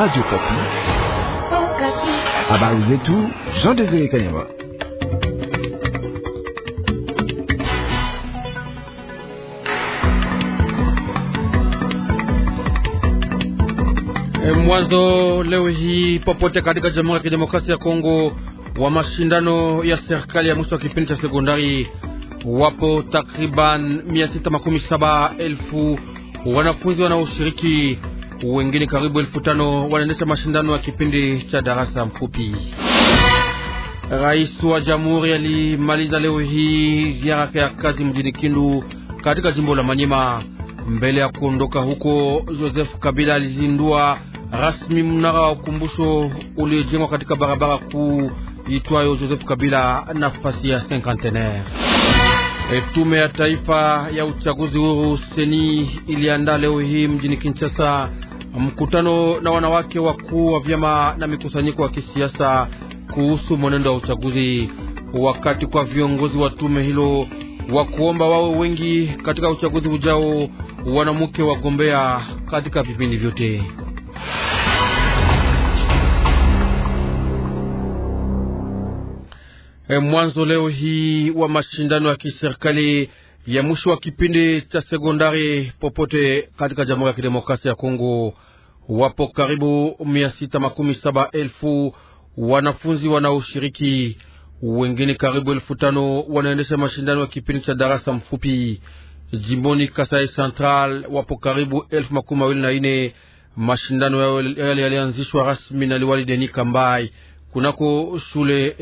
Radio Kapi. Habari zetu Jean Desire Kanyama. Eh, mwanzo leo hii popote katika Jamhuri ya Kidemokrasia ya Kongo wa mashindano ya serikali ya mwisho wa kipindi cha sekondari wapo takriban 617 elfu wanafunzi wanaoshiriki wengine karibu elfu tano wanaendesha mashindano ya kipindi cha darasa mfupi. Rais wa jamhuri alimaliza leo hii ziara yake ya kazi mjini Kindu katika jimbo la Manyema. Mbele ya kuondoka huko, Joseph Kabila alizindua rasmi mnara wa ukumbusho uliojengwa katika barabara kuu itwayo Joseph Kabila nafasi ya cinquantenaire. Tume ya taifa ya uchaguzi huru seni iliandaa leo hii mjini Kinshasa mkutano na wanawake wakuu wa vyama na mikusanyiko ya kisiasa kuhusu mwenendo wa uchaguzi, wakati kwa viongozi wa tume hilo wa kuomba wawe wengi katika uchaguzi ujao, wanamke wagombea katika vipindi vyote. E, mwanzo leo hii wa mashindano ya kiserikali ya mwisho wa kipindi cha sekondari popote katika Jamhuri ya Kidemokrasia ya Kongo wapo karibu mia sita makumi saba elfu wanafunzi wanaoshiriki, wengine karibu elfu tano wanaendesha mashindano ya kipindi cha darasa mfupi. Jimboni Kasai Central wapo karibu elfu makumi mawili na ine. Mashindano yale yalianzishwa rasmi na liwali Deni Kambai kunako shule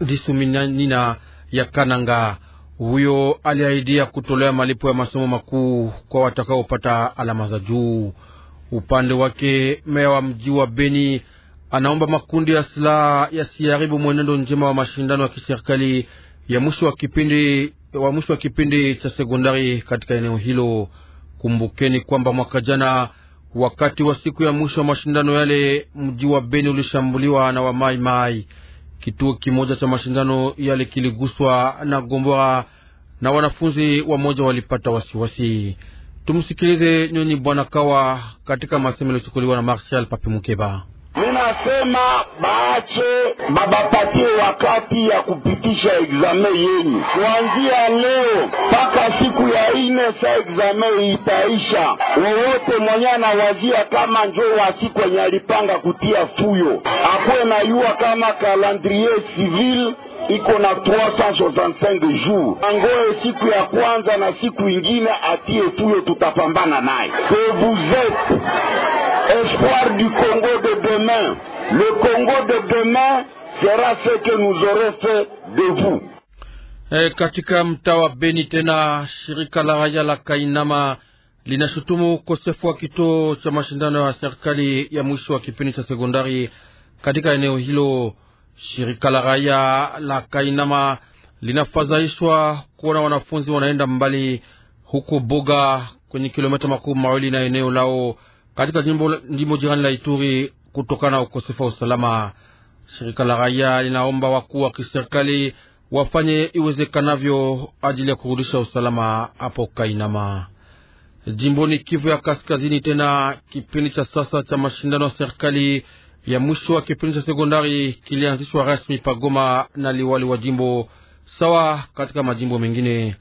disuminanina ya Kananga. Huyo aliahidia kutolea malipo ya masomo makuu kwa watakaopata alama za juu. Upande wake meya wa mji wa Beni anaomba makundi ya silaha yasiharibu mwenendo njema wa mashindano ya kiserikali ya mwisho wa kipindi wa mwisho wa kipindi cha sekondari katika eneo hilo. Kumbukeni kwamba mwaka jana wakati wa siku ya mwisho wa mashindano yale mji wa Beni ulishambuliwa na wamaimai. Kituo kimoja cha mashindano yale kiliguswa na gombora na wanafunzi wamoja walipata wasiwasi wasi. Tumsikilize Nyonyi Bwana Kawa katika masemo yaliyochukuliwa na Marshal Papi Mukeba. Ninasema baache babapatie wakati ya kupitisha examen yenyu kuanzia leo mpaka siku ya ine sa examen itaisha. Wowote mwenye anawazia kama njoo wasi kwenye alipanga kutia fuyo akuwe na yua kama kalandrie civil iko na 365 jours, angoe siku ya kwanza na siku ingine atie tuyo, tutapambana naye. Que vous êtes espoir du Congo de demain. Le Congo de demain sera ce que nous aurons fait de vous. E, katika Mtawa Benitena, Beni tena shirika la la Kainama linashutumu ukosefu kito kituo cha mashindano ya serikali ya mwisho cha sekondari katika eneo hilo. Shirika la raia la Kainama linafadhaishwa kuona wanafunzi wanaenda mbali huko Boga, kwenye kilomita makumi mawili na eneo lao katika jimbo, jimbo jirani la Ituri kutokana na ukosefu wa usalama. Shirika la raia linaomba wakuu wa kiserikali wafanye iwezekanavyo ajili ya kurudisha usalama hapo Kainama, jimboni Kivu ya Kaskazini. Tena kipindi cha sasa cha mashindano ya serikali ya mwisho wa kipindi cha sekondari kilianzishwa rasmi pagoma na liwali wa jimbo sawa katika majimbo mengine.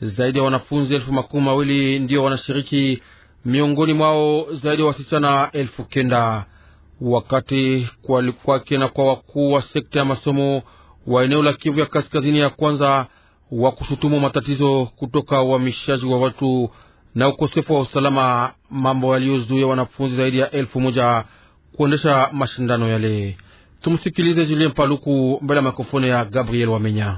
Zaidi ya wanafunzi elfu makumi mawili ndio wanashiriki, miongoni mwao zaidi ya wasichana elfu kenda wakati kwake na kwa wakuu wa sekta ya masomo wa eneo la Kivu ya kaskazini ya kwanza wa kushutumu matatizo kutoka uhamishaji wa watu na ukosefu wa usalama, mambo yaliyozuia wanafunzi zaidi ya elfu moja kuendesha mashindano yale. Tumsikilize Julien Paluku mbele ya mikrofoni ya Gabriel Wamenya.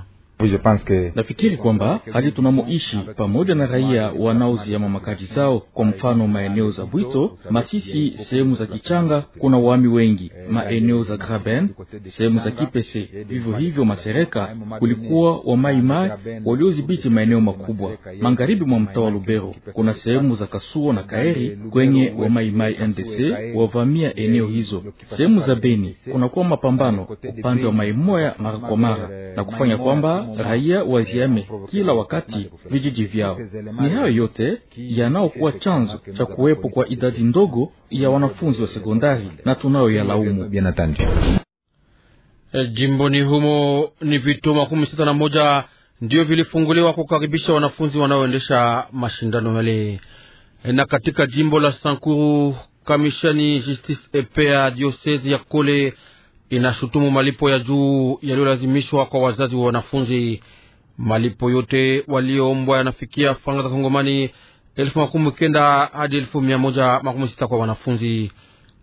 Nafikiri kwamba hali tunamoishi pamoja na raia wanaoziama makazi zao, kwa mfano maeneo za Bwito, Masisi, sehemu za Kichanga kuna wami wengi, maeneo za Graben, sehemu za Kipese, vivyo hivyo Masereka, kulikuwa wa Maimai waliodhibiti maeneo makubwa. Magharibi mwa mtaa wa Lubero kuna sehemu za Kasuo na Kaeri kwenye wa Maimai NDC wavamia eneo hizo. Sehemu za Beni kunakuwa mapambano upande wa Maimoya mara kwa mara na kufanya kwamba raia waziame kila wakati vijiji vyao. Ni hayo yote yanaokuwa chanzo cha kuwepo kwa idadi ndogo ya wanafunzi wa sekondari na tunayoyalaumu. E, jimboni humo ni vituo makumi sita na moja ndiyo vilifunguliwa kukaribisha wanafunzi wanaoendesha mashindano yale. Eh, na katika jimbo la Sankuru, kamishani Justice Epea diosezi ya Kole inashutumu malipo ya juu yaliyolazimishwa kwa wazazi wa wanafunzi. Malipo yote walioombwa yanafikia faranga za Kongomani elfu makumi kenda hadi elfu mia moja makumi sita kwa wanafunzi.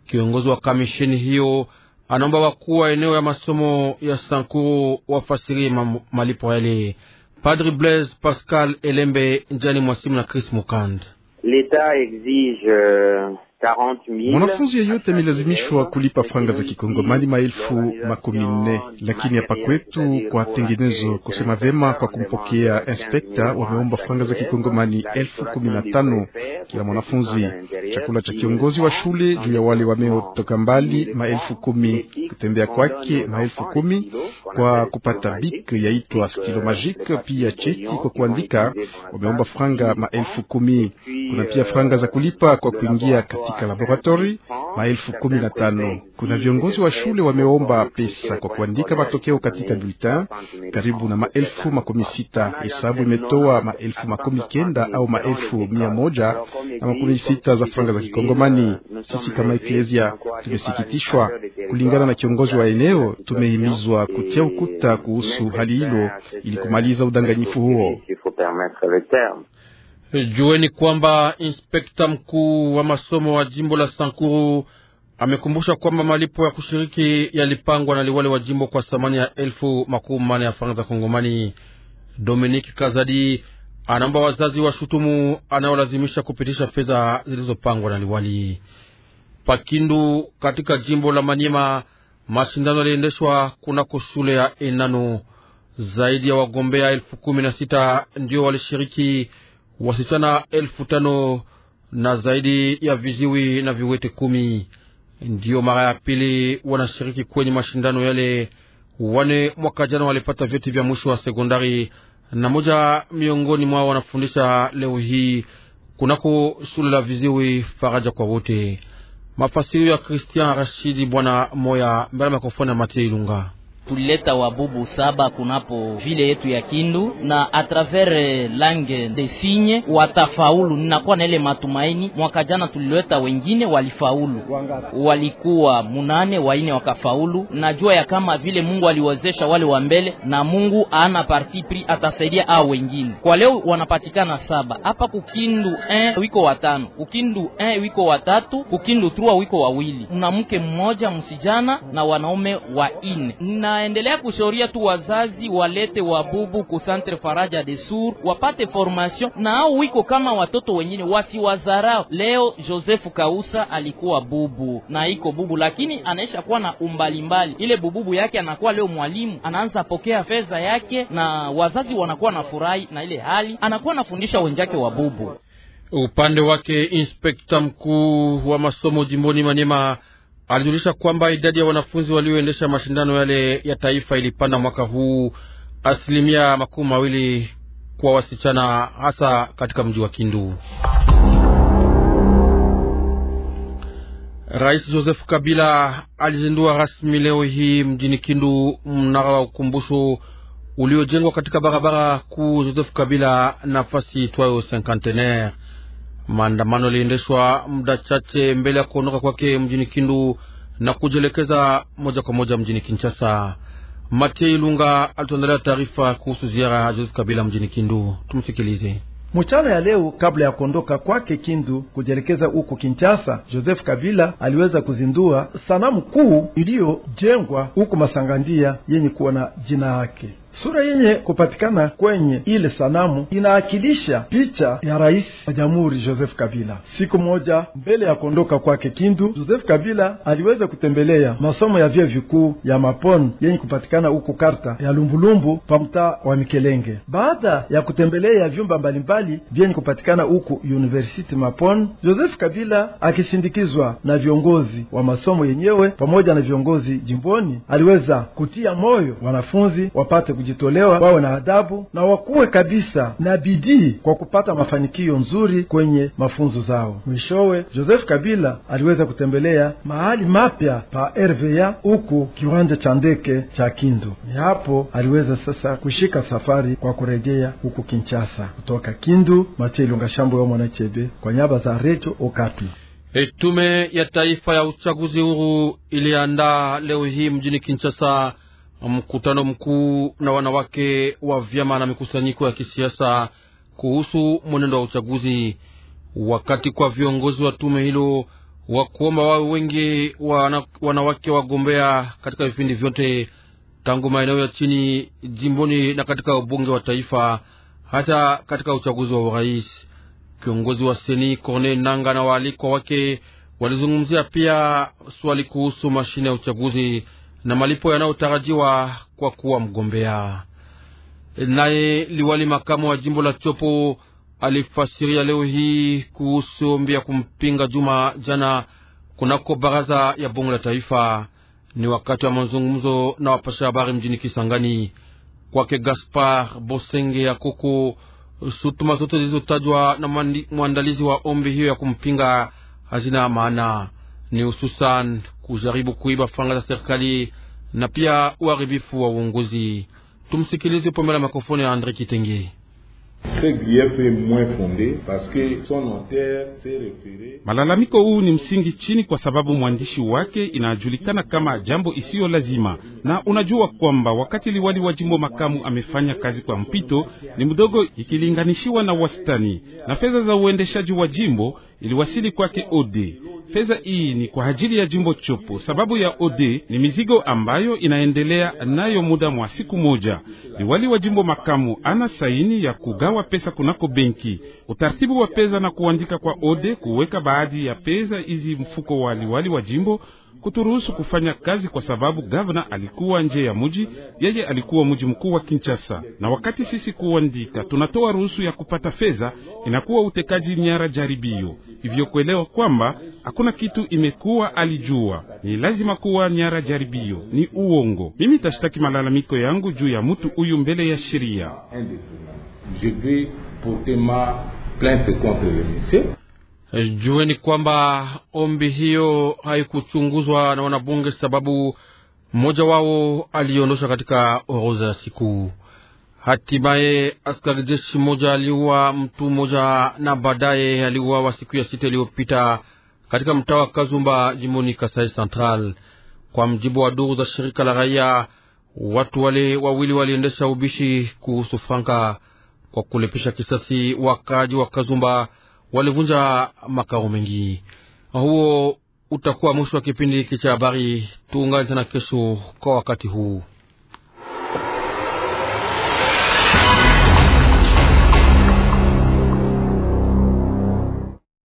Kiongozi wa kamisheni hiyo anaomba wakuu wa eneo ya masomo ya Sankuru wafasirie malipo yale. Padri Blaise Pascal Elembe, Njani Mwasimu na Chris Mukand. L'Etat exige euh, Mwanafunzi yeyote amelazimishwa kulipa franga za kikongomani maelfu makumi nne, lakini hapa kwetu kwa tengenezo kusema vema, kwa kumpokea inspekta wameomba franga za kikongomani elfu kumi na tano kila mwanafunzi, chakula cha kiongozi wa shule juu ya wale wameotoka mbali maelfu kumi, kutembea kwake maelfu kumi, kwa kupata bik yaitwa stilo magique, pia cheti kwa kuandika wameomba franga maelfu kumi. Kuna pia franga za kulipa kwa kuingia katika laboratori maelfu kumi na tano. Kuna viongozi wa shule wameomba pesa kwa kuandika matokeo katika bulletin karibu na maelfu makumi sita. Hesabu imetoa maelfu makumi kenda au maelfu mia moja na makumi sita za franga za Kikongomani. Sisi kama eklesia tumesikitishwa. Kulingana na kiongozi wa eneo, tumehimizwa kutia ukuta kuhusu hali hilo ili kumaliza udanganyifu huo. Jueni kwamba inspekta mkuu wa masomo wa jimbo la Sankuru amekumbusha kwamba malipo ya kushiriki yalipangwa na liwali wa jimbo kwa thamani ya elfu makumi mane ya faranga za Kongomani. Dominiki Kazadi anaomba wazazi wa shutumu anayolazimisha kupitisha fedha zilizopangwa na liwali. Pakindu katika jimbo la Manyema, mashindano yaliendeshwa kunako shule ya Enano. Zaidi ya wagombea elfu kumi na sita ndio walishiriki wasichana elfu tano na zaidi ya viziwi na viwete kumi ndiyo mara ya pili wanashiriki kwenye mashindano yale. Wane mwaka jana walipata vyeti vya mwisho wa sekondari na moja miongoni mwao wanafundisha leo hii kunako shule la viziwi Faraja kwa wote. Mafasirio ya Christian Rashidi Bwana Moya mbele ya mikrofoni ya Matia Ilunga tulileta wabubu saba kunapo vile yetu ya Kindu na atravers lange de signe watafaulu. Ninakuwa na ile matumaini. Mwaka jana tulileta wengine walifaulu, walikuwa munane, waine wakafaulu. Najua ya kama vile Mungu aliwezesha wale wa mbele, na Mungu ana parti pri atasaidia a wengine. Kwa leo wanapatikana saba hapa kukindu, eh, wiko watano kukindu, eh, wiko watatu kukindu, trua wiko wawili, mnamke mmoja, msijana na wanaume waine na tunaendelea kushauria tu wazazi walete wabubu ku Centre Faraja de Sur wapate formation na au wiko kama watoto wengine wasiwazarao. Leo Joseph Kausa alikuwa bubu na iko bubu, lakini anaisha kuwa na umbalimbali ile bububu yake, anakuwa leo mwalimu, anaanza pokea fedha yake na wazazi wanakuwa na furahi na ile hali, anakuwa anafundisha wenzake wabubu. Upande wake inspekta mkuu wa masomo jimboni Maniema alijulisha kwamba idadi ya wanafunzi walioendesha mashindano yale ya taifa ilipanda mwaka huu asilimia makumi mawili kwa wasichana, hasa katika mji wa Kindu. Rais Joseph Kabila alizindua rasmi leo hii mjini Kindu mnara wa ukumbusho uliojengwa katika barabara kuu Joseph Kabila, nafasi itwayo Cinquantenaire. Maandamano yaliendeshwa muda chache mbele ya kuondoka kwake mjini Kindu na kujielekeza moja kwa moja mjini Kinshasa. Matie Ilunga alituandalia taarifa kuhusu ziara ya Joseph Kabila mjini Kindu. Tumsikilize. Mchana ya leo kabla ya kuondoka kwake Kindu kujielekeza huko Kinshasa, Joseph Kabila aliweza kuzindua sanamu kuu iliyojengwa huko Masangandia yenye kuwa na jina yake. Sura yenye kupatikana kwenye ile sanamu inaakilisha picha ya rais wa jamhuri Joseph Kabila. Siku moja mbele ya kuondoka kwake Kindu, Joseph Kabila aliweza kutembelea masomo ya vyuo vikuu ya Mapon yenye kupatikana huko karta ya Lumbulumbu pa mtaa wa Mikelenge. Baada ya kutembelea vyumba mbalimbali vyenye kupatikana huko University Mapon, Joseph Kabila akisindikizwa na viongozi wa masomo yenyewe pamoja na viongozi jimboni, aliweza kutia moyo wanafunzi wapate kujitolewa, wawe na adabu na wakuwe kabisa na bidii kwa kupata mafanikio nzuri kwenye mafunzo zao. Mwishowe, Joseph Kabila aliweza kutembelea mahali mapya pa RVA huku kiwanja cha ndege cha Kindu. Ni hapo aliweza sasa kushika safari kwa kurejea huku Kinshasa. Kutoka Kindu, Machei Lunga Shambo wa Mwanachebe kwa nyaba za Redio Okapi. tume ya taifa ya uchaguzi huru iliandaa leo hii mjini Kinshasa mkutano mkuu na wanawake wa vyama na mikusanyiko ya kisiasa kuhusu mwenendo wa uchaguzi, wakati kwa viongozi wa tume hilo wa kuomba wawe wengi wa wanawake wagombea katika vipindi vyote tangu maeneo ya chini jimboni na katika ubunge wa taifa hata katika uchaguzi wa urais. Kiongozi wa seni Corne Nanga na waalikwa wake walizungumzia pia swali kuhusu mashine ya uchaguzi na malipo yanayotarajiwa kwa kuwa mgombea. Naye liwali makamu wa jimbo la Chopo alifasiria leo hii kuhusu ombi ya kumpinga Juma jana kunako baraza ya bunge la taifa. Ni wakati wa mazungumzo na wapasha habari mjini Kisangani. Kwake Gaspar Bosenge ya Koko, shutuma zote zilizotajwa na mwandalizi wa ombi hiyo ya kumpinga hazina maana, ni hususan kujaribu kuiba fanga za serikali na pia uharibifu wa uongozi. Tumsikilize pombe la makofoni ya Andre Kitenge. Malalamiko huu ni msingi chini kwa sababu mwandishi wake inajulikana kama jambo isiyo lazima, na unajua kwamba wakati liwali wa jimbo makamu amefanya kazi kwa mpito ni mdogo ikilinganishiwa na wastani na fedha za uendeshaji wa jimbo iliwasili kwake Ode. Fedha hii ni kwa ajili ya jimbo Chopo. Sababu ya Ode ni mizigo ambayo inaendelea nayo muda mwa siku moja. Liwali wa jimbo makamu ana saini ya kugawa pesa kunako benki, utaratibu wa pesa na kuandika kwa Ode, kuweka baadhi ya pesa hizi mfuko wa liwali wa jimbo kuturuhusu kufanya kazi kwa sababu gavana alikuwa nje ya muji yeye alikuwa muji mkuu wa Kinshasa. Na wakati sisi kuandika tunatoa ruhusu ya kupata fedha, inakuwa utekaji nyara jaribio, hivyo kuelewa kwamba hakuna kitu imekuwa alijua ni lazima kuwa nyara jaribio ni uongo. Mimi tashtaki malalamiko yangu juu ya mtu huyu mbele ya sheria. Jueni kwamba ombi hiyo haikuchunguzwa na wanabunge, sababu mmoja wao aliondosha katika orodha ya siku. Hatimaye askari jeshi mmoja aliua mtu mmoja na baadaye aliuawa siku ya sita iliyopita katika mtaa wa Kazumba jimboni Kasai Central. Kwa mjibu wa duru za shirika la raia, watu wale wawili waliendesha ubishi kuhusu franka kwa kulipisha kisasi wakaaji wa Kazumba walivunja makao mengi. Huo utakuwa mwisho wa kipindi hiki cha habari. Tuungane tena kesho kwa wakati huu.